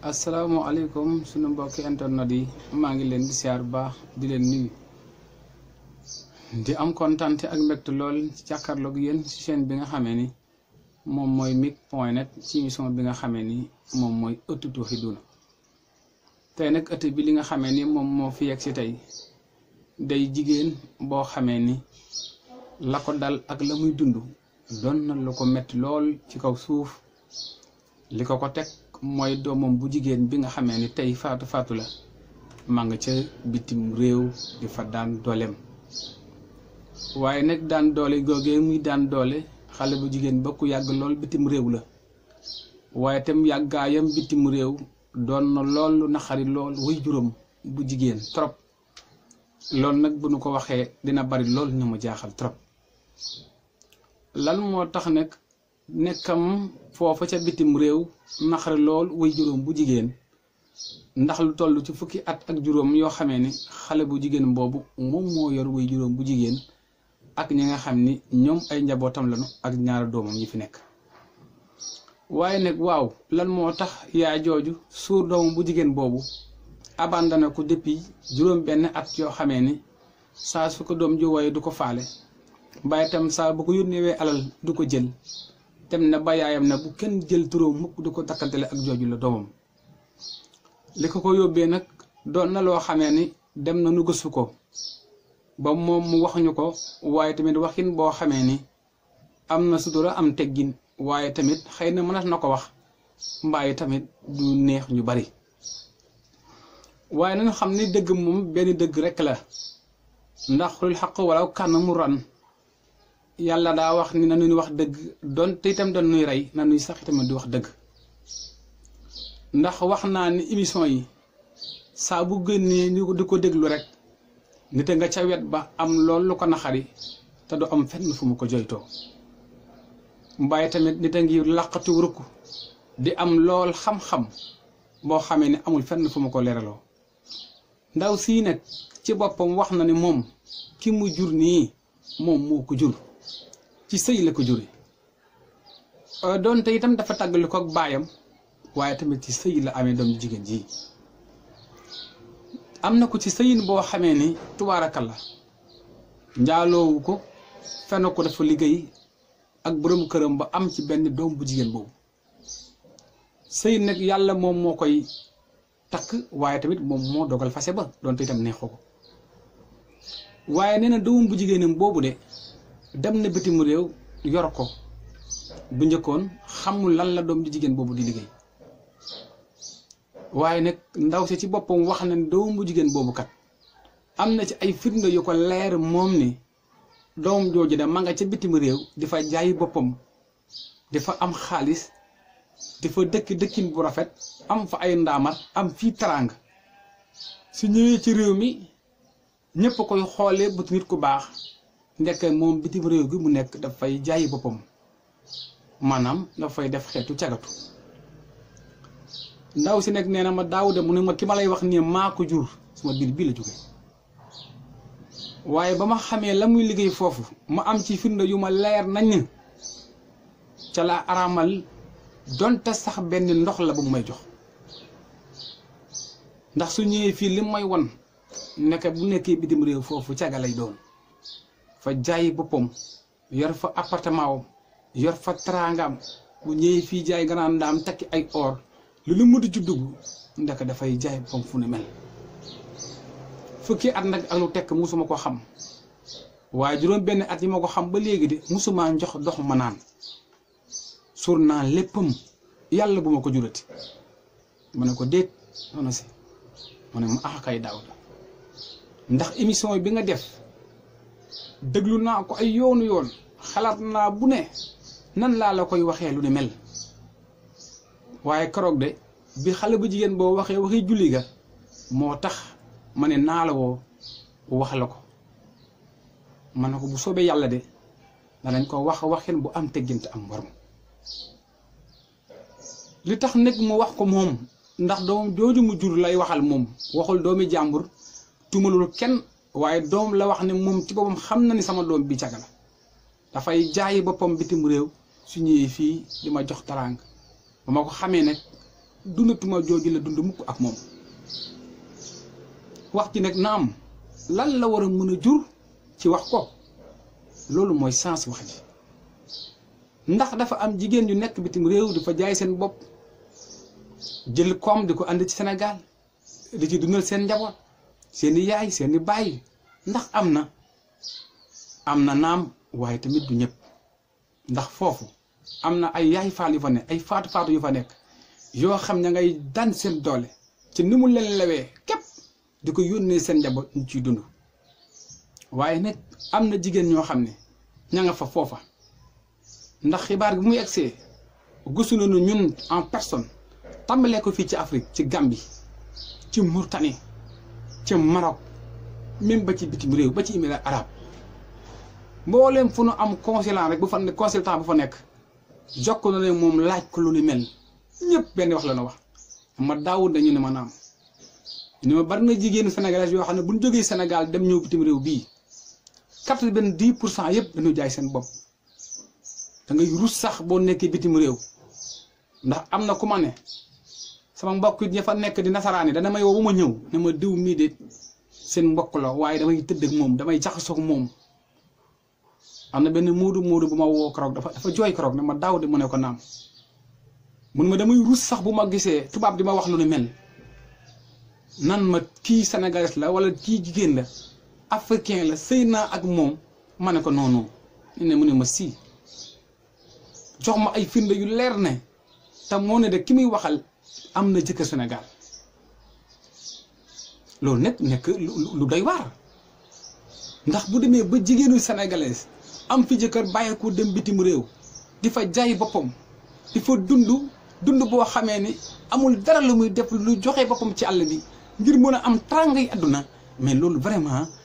assalamualaikum sunu mbokk internet yi ma ngi len di siar baax di len nuy di am contenté ak mbekt lol ci gu yeen ci chaîne bi nga xamé ni mom moy mik ci émission bi nga xamé ni moom mooy ëttu Tawhiduna tay nak ëtt bi li nga xamé ni mom mo fi yegg si tay day jigen bo xamé ni lako dal ak lamuy muy don na lako met lol ci kaw suuf liko ko tek mooy doomam bu jigéen bi nga xamee ni tey faatu faatu la ma nga ca bitim réew di fa daan dooleem waaye nag daan doole googee muy daan doole xale bu jigéen bokk yàgg lool bitim réew la waaye tam yàggaayam bitim réew doon na lool lu naxari lool wuy juróom bu jigéen trop loolu nag bu nu ko waxee dina bari lool ñu mu jaaxal trop lan moo tax nag nekkam foofa ca bitim réew naqari lool way juróom bu jigéen ndax lu toll ci fukki at ak juróom yoo xamee ni xale bu jigéen boobu moom moo yor way juróom bu jigéen ak ñi nga xam ni ñoom ay njabootam lañu ak ñaari doomam yi fi nekk waaye nag waaw lan moo tax yaa jooju suur doomam bu jigéen boobu abandonné ko depuis juróom benn at yoo xamee ni saa su ko doom ji wooye du ko faale bàyyi tam saa bu ko yónneewee alal du ko jël dem na ba yaayam na bu kenn jël turam mukk di ko takkantale ak jooju la doomam li ko ko yóbbee nag doo na loo xamee ni dem na nu gëstu ko ba moom mu wax ko waaye tamit waxin boo xamee ni am na sutura am teggin waaye tamit xëy na mënat na ko wax mbaay tamit du neex ñu bari waaye nañu xam ni dëgg moom benn dëgg rekk la ndax xulul xaq wala kànn mu ran yalla da wax ni nañuy wax deug don te itam don nuy ray nañuy sax itam di wax deug ndax wax na ni emission yi sa bu génnee ni di ko deglu rek nité nga ca wet ba am lool lu ko naxari ta do am fenn fu mu ko jeyto mbaay tamit nité ngi laqatu rukk di am lool xam-xam bo xamé ni amul fenn fu mu ko leeraloo ndaw si nak ci bopam wax na ni mom ki mu jur ni mom moko jur ci sëy la ko jure euh, doonte itam dafa tàggali ko ak baayam waaye tamit ci sëy la amee doom jigéen ji am na ko ci sëyin boo xamee ni la njaaloowu ko fenn ko dafa liggéey ak borom këram ba am ci benn doom bu jigéen boobu sëy nag yàlla moom moo koy takk waaye tamit moom moo dogal fase ba doonte itam neexoo ko waaye nee na doom bu jigéenam boobu de dem na bitim réew yor ko bu njëkkoon xamul lan la doom jigéen boobu di liggéey waaye nag ndaw si ci boppam wax na ne doomu jigéen boobu kat am na ci ay firnde yu ko leer moom ni doom jooju ne ma nga ca bitim réew di fa jaay boppam di fa am xaalis di fa dëkk dëkkin bu rafet am fa ay ndaamar am fii taraang su ñëwee ci réew mi ñépp koy xoolee bu nit ku baax. ndekk moom bitim réew gi mu nekk dafay jaayi boppam maanaam dafay def xeetu cagatu ndaw si nekk nee na ma daaw de mu ne ma ki ma lay wax nii maa ko jur suma biir bii la jóge waaye ba ma xamee la muy liggéey foofu ma am ci firnde yu ma leer nañ ca laa araamal donte sax benn ndox la ba may jox ndax su ñëwee fii li may won nekk bu nekkee bitim réew foofu caga lay doon fa jaay boppam yor fa appartement wam yor fa teraangaam bu ñëwee fii jaay ganaan ndaam takki ay or lu lu mënut ci dugg ndaka dafay jaay boppam fu ne mel fukki at nag ak lu tekk musuma ko xam waaye juróom benn at yi ma ko xam ba léegi de musuma njox dox ma naan suur naa léppam yàlla bu ma ko jurati ma ne ko déet noonu si ma ne ma ax ah, kay daaw ndax émission bi nga def déglu naa ko ay yoonu yoon xalaat naa bu ne nan laa la koy waxee lu ne mel waaye keroog de bi xale bu jigéen boo waxee waxi julli ga moo tax ma ne naa la woo wax la ko ma ne ko bu soobee yàlla de danañ ko wax waxin bu am tegginte am war li tax nag mu wax ko moom ndax doom jooju mu jur lay waxal moom waxul doomi jàmbur tumalul kenn waaye doom la wax ne moom ci boppam xam na ni sama doom bi caga la dafay jaayi boppam bitim réew su ñëwee fii di ma jox taraang ba ma ko xamee nag dundatuma jooju la dund mukk ak moom wax ji nag naam lan la war a mën a jur ci wax ko loolu mooy sens wax ji ndax dafa am jigéen yu nekk bitim réew di fa jaay seen bopp jël koom di ko ànd ci Sénégal di ci dundal seen njaboot seeni yaay seeni baay ndax am na am na naam waaye tamit du ñëpp ndax foofu am na ay yaay faal yu fa ne ay faatu yu fa nekk yoo xam ne ngay daan seen doole ci ni mu leen lewee képp di ko yónnee seen njaboot ñu ciy dund waaye nag am na jigéen ñoo xam ne ña nga fa foofa ndax xibaar bi muy egsee gisu nu ñun en personne tàmbalee ko fii ci Afrique ci Gambie ci Mauritanie ca Maroc même ba ci bitim réew ba ci Émirats arabes mbooleem fu nu am consulat rek bu fa consultant bu fa nekk jokk na leen moom laaj ko lu lu mel ñëpp benn wax la na wax ma daawul dañu ne ma naam ni bari na jigéenu sénégalais yoo xam ne bu ñu jógee Sénégal dem ñëw bitim réew bii quatre-vingt-dix pour cent yëpp dañu jaay seen bopp da ngay rus sax boo nekkee bitim réew ndax am na ku ma ne. sama mbokk it nekk di nasaraani dana may woo ma ñëw ne ma diw mii de seen mbokk la waaye damay tëdd ak moom damay jaxasoo ak moom am na benn muudu muudu bu ma woo keroog dafa dafa jooy keroog ne ma daaw de mu ne ko naam mun ma damay rus sax bu ma gisee tubaab di ma wax lu ne mel nan ma kii sénégalais la wala kii jigéen la africain la sëy naa ak moom ma ne ko noonu ñu ne mu ne ma sii jox ma ay firnde yu leer ne te moo ne de ki muy waxal am na jëkkër senegal loolu nag nekk lu day waar ndax bu demee ba jigéenu sénégalaise am fi jëkkër bàyyeeku dem bitim réew di fa jaay boppam di fa dund dund boo xamee ni amul dara lu muy def lu joxe boppam ci àll bi ngir mën a am tàngay àdduna mais loolu vraiment